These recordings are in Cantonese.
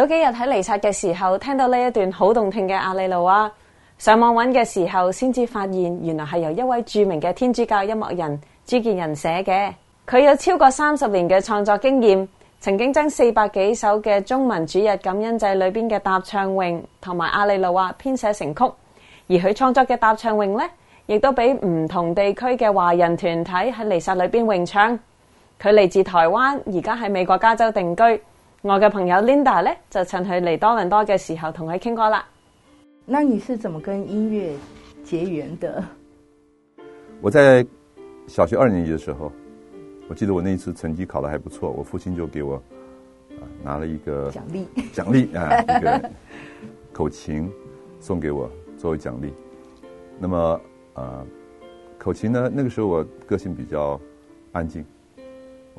早幾日喺彌撒嘅時候聽到呢一段好動聽嘅阿肋路亞，上網揾嘅時候先至發現，原來係由一位著名嘅天主教音樂人朱建仁寫嘅。佢有超過三十年嘅創作經驗，曾經將四百幾首嘅中文主日感恩祭裏邊嘅《答唱詠》同埋《阿肋路亞》編寫成曲。而佢創作嘅《答唱詠》呢，亦都俾唔同地區嘅華人團體喺彌撒裏邊詠唱。佢嚟自台灣，而家喺美國加州定居。我嘅朋友 Linda 呢，就趁佢嚟多倫多嘅時候同佢傾過啦。那你是怎麼跟音樂結緣的？我在小學二年級嘅時候，我記得我那一次成績考得還不錯，我父親就給我啊、呃、拿了一個獎勵，獎勵啊，一個口琴送給我作為獎勵。那麼啊、呃、口琴呢？那個時候我個性比較安靜。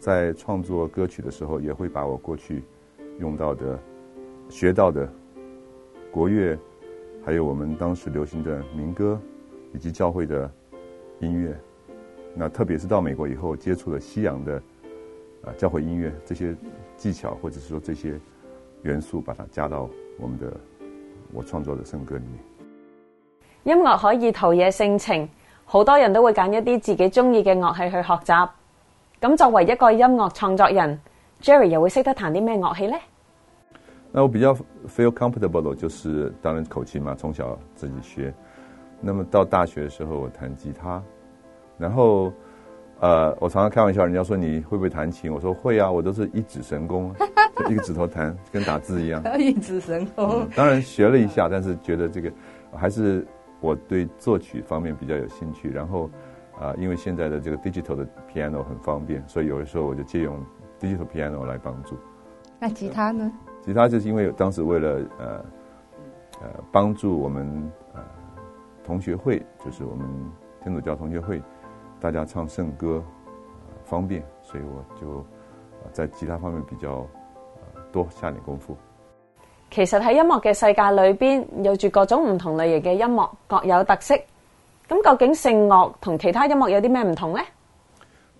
在創作歌曲的時候，也會把我過去用到的、學到的國樂，還有我們當時流行的民歌，以及教會的音樂。那特別是到美國以後，接觸了西洋的啊教會音樂，這些技巧，或者是說這些元素，把它加到我們的我創作的聖歌裡面。音樂可以陶冶性情，好多人都會揀一啲自己中意嘅樂器去學習。咁作為一個音樂創作人，Jerry 又會識得彈啲咩樂器呢？那我比較 feel comfortable 就是當然口琴嘛，從小自己學。那麼到大學的時候，我彈吉他。然後，呃，我常常開玩笑，人家說你會不會彈琴？我說會啊，我都是一指神功， 一個指頭彈，跟打字一樣。 一指神功。嗯，當然學了一下，但是覺得這個，還是我對作曲方面比較有興趣。然後。啊，因為現在的這個 digital 的 piano 很方便，所以有的時候我就借用 digital piano 來幫助。那、啊、吉他呢？吉他就是因為當時為了，呃，呃幫助我們、呃，同學會，就是我們天主教同學會，大家唱聖歌、呃、方便，所以我就在吉他方面比較多、呃、下點功夫。其實喺音樂嘅世界裏邊，有住各種唔同類型嘅音樂，各有特色。咁究竟聖樂同其他音樂有啲咩唔同呢？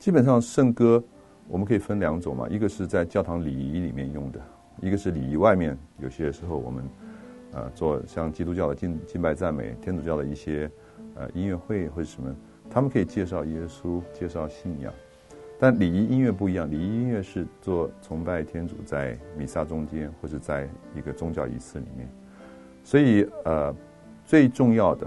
基本上聖歌我們可以分兩種嘛，一個是在教堂禮儀裏面用的，一個是禮儀外面，有些時候我們，呃，做像基督教的敬拜讚美、天主教的一些，呃，音樂會或者什麼，他們可以介紹耶穌、介紹信仰。但禮儀音樂不一樣，禮儀音樂是做崇拜天主，在彌撒中間或者在一個宗教儀式裏面。所以，呃，最重要的。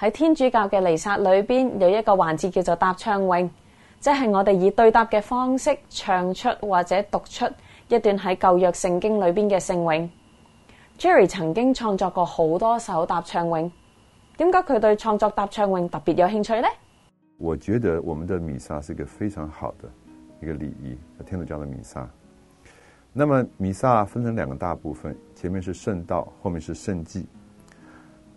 喺天主教嘅彌撒裏邊，有一個環節叫做答唱詠，即係我哋以對答嘅方式唱出或者讀出一段喺舊約聖經裏邊嘅聖詠。Jerry 曾經創作過好多首答唱詠，點解佢對創作答唱詠特別有興趣呢？我覺得我們的彌撒是一個非常好的一個禮儀，天主教嘅彌撒。那麼彌撒分成兩個大部分，前面是聖道，後面是聖祭。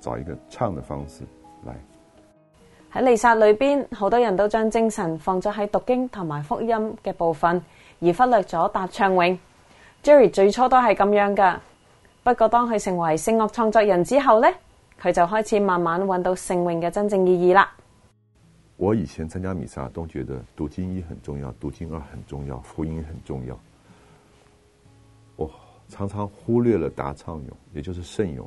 找一個唱的方式，嚟。喺彌撒裏邊，好多人都將精神放咗喺讀經同埋福音嘅部分，而忽略咗答唱詠。Jerry 最初都係咁樣噶，不過當佢成為聖樂創作人之後呢，佢就開始慢慢揾到聖詠嘅真正意義啦。我以前參加彌撒都覺得讀經一很重要，讀經二很重要，福音很重要，我常常忽略了答唱詠，也就是聖詠。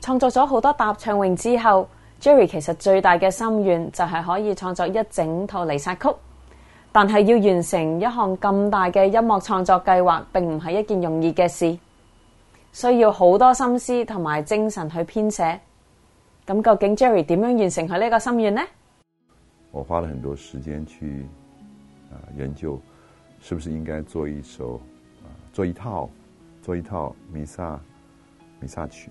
創作咗好多答唱詠之後，Jerry 其實最大嘅心願就係可以創作一整套彌撒曲。但係要完成一項咁大嘅音樂創作計劃，並唔係一件容易嘅事，需要好多心思同埋精神去編寫。咁究竟 Jerry 點樣完成佢呢個心願呢？我花了很多時間去研究，是不是應該做一首做一套做一套彌撒彌撒曲？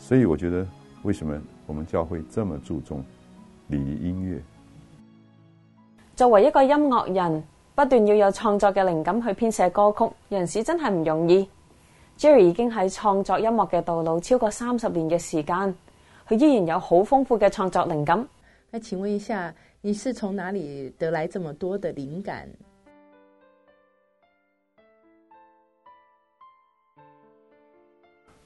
所以我覺得，為什麼我們教會這麼注重禮儀音樂？作為一個音樂人，不斷要有創作嘅靈感去編寫歌曲，有陣時真係唔容易。Jerry 已經喺創作音樂嘅道路超過三十年嘅時間，佢依然有好豐富嘅創作靈感。那請問一下，你是從哪裡得來這麼多的靈感？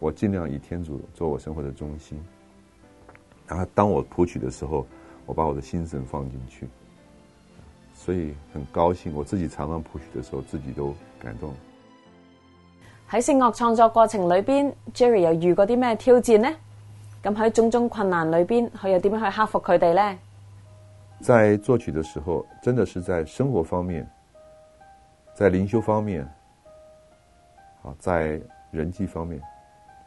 我盡量以天主做我生活的中心，然後當我譜曲的時候，我把我的心神放進去，所以很高興，我自己常常譜曲的時候，自己都感動。喺聖樂創作過程裏邊，Jerry 又遇過啲咩挑戰呢？咁喺種種困難裏邊，佢又點樣去克服佢哋呢？在作曲的時候，真的是在生活方面，在靈修方面，好，在人際方面。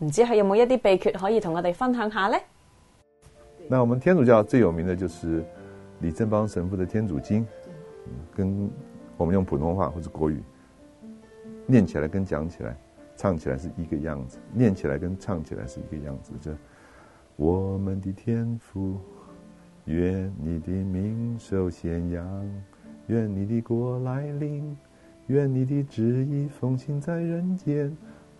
唔知係有冇一啲秘訣可以同我哋分享下呢？那我們天主教最有名的，就是李正邦神父的《天主經》，跟我們用普通話或者國語念起來，跟講起來、唱起來是一個樣子；念起來跟唱起來是一個樣子。就：「我們的天父，願你的名受顯揚，願你的國來臨，願你的旨意奉行在人間。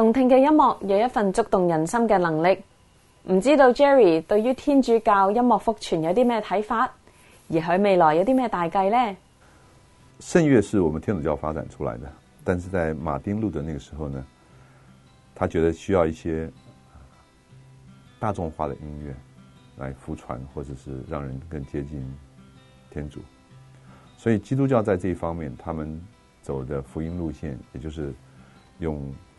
動聽嘅音樂有一份觸動人心嘅能力，唔知道 Jerry 對於天主教音樂福傳有啲咩睇法，而佢未來有啲咩大計呢？聖樂是我們天主教發展出來的，但是在馬丁路德那個時候呢，他覺得需要一些大眾化的音樂來福傳，或者是讓人更接近天主，所以基督教在這一方面，他們走的福音路線，也就是用。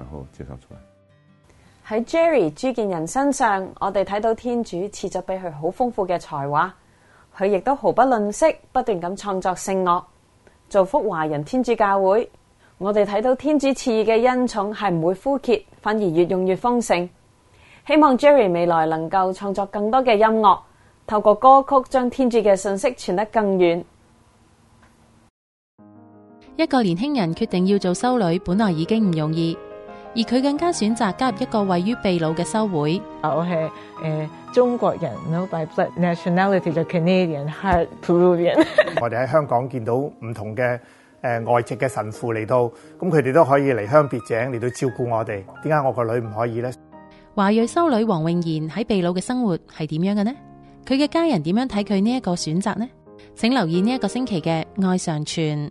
然後介紹出嚟喺 Jerry 朱建仁身上，我哋睇到天主賜咗俾佢好豐富嘅才華，佢亦都毫不吝惜，不斷咁創作聖樂，造福華人天主教會。我哋睇到天主賜嘅恩寵係唔會枯竭，反而越用越豐盛。希望 Jerry 未來能夠創作更多嘅音樂，透過歌曲將天主嘅信息傳得更遠。一個年輕人決定要做修女，本來已經唔容易。而佢更加選擇加入一個位於秘魯嘅修會。我係、呃、中國人 n、no、by blood nationality 就 Canadian, heart Peruvian 我哋喺香港見到唔同嘅誒外籍嘅神父嚟到，咁佢哋都可以離鄉別井嚟到照顧我哋。點解我個女唔可以呢？華裔修女王詠妍喺秘魯嘅生活係點樣嘅呢？佢嘅家人點樣睇佢呢一個選擇呢？請留意呢一個星期嘅愛上傳。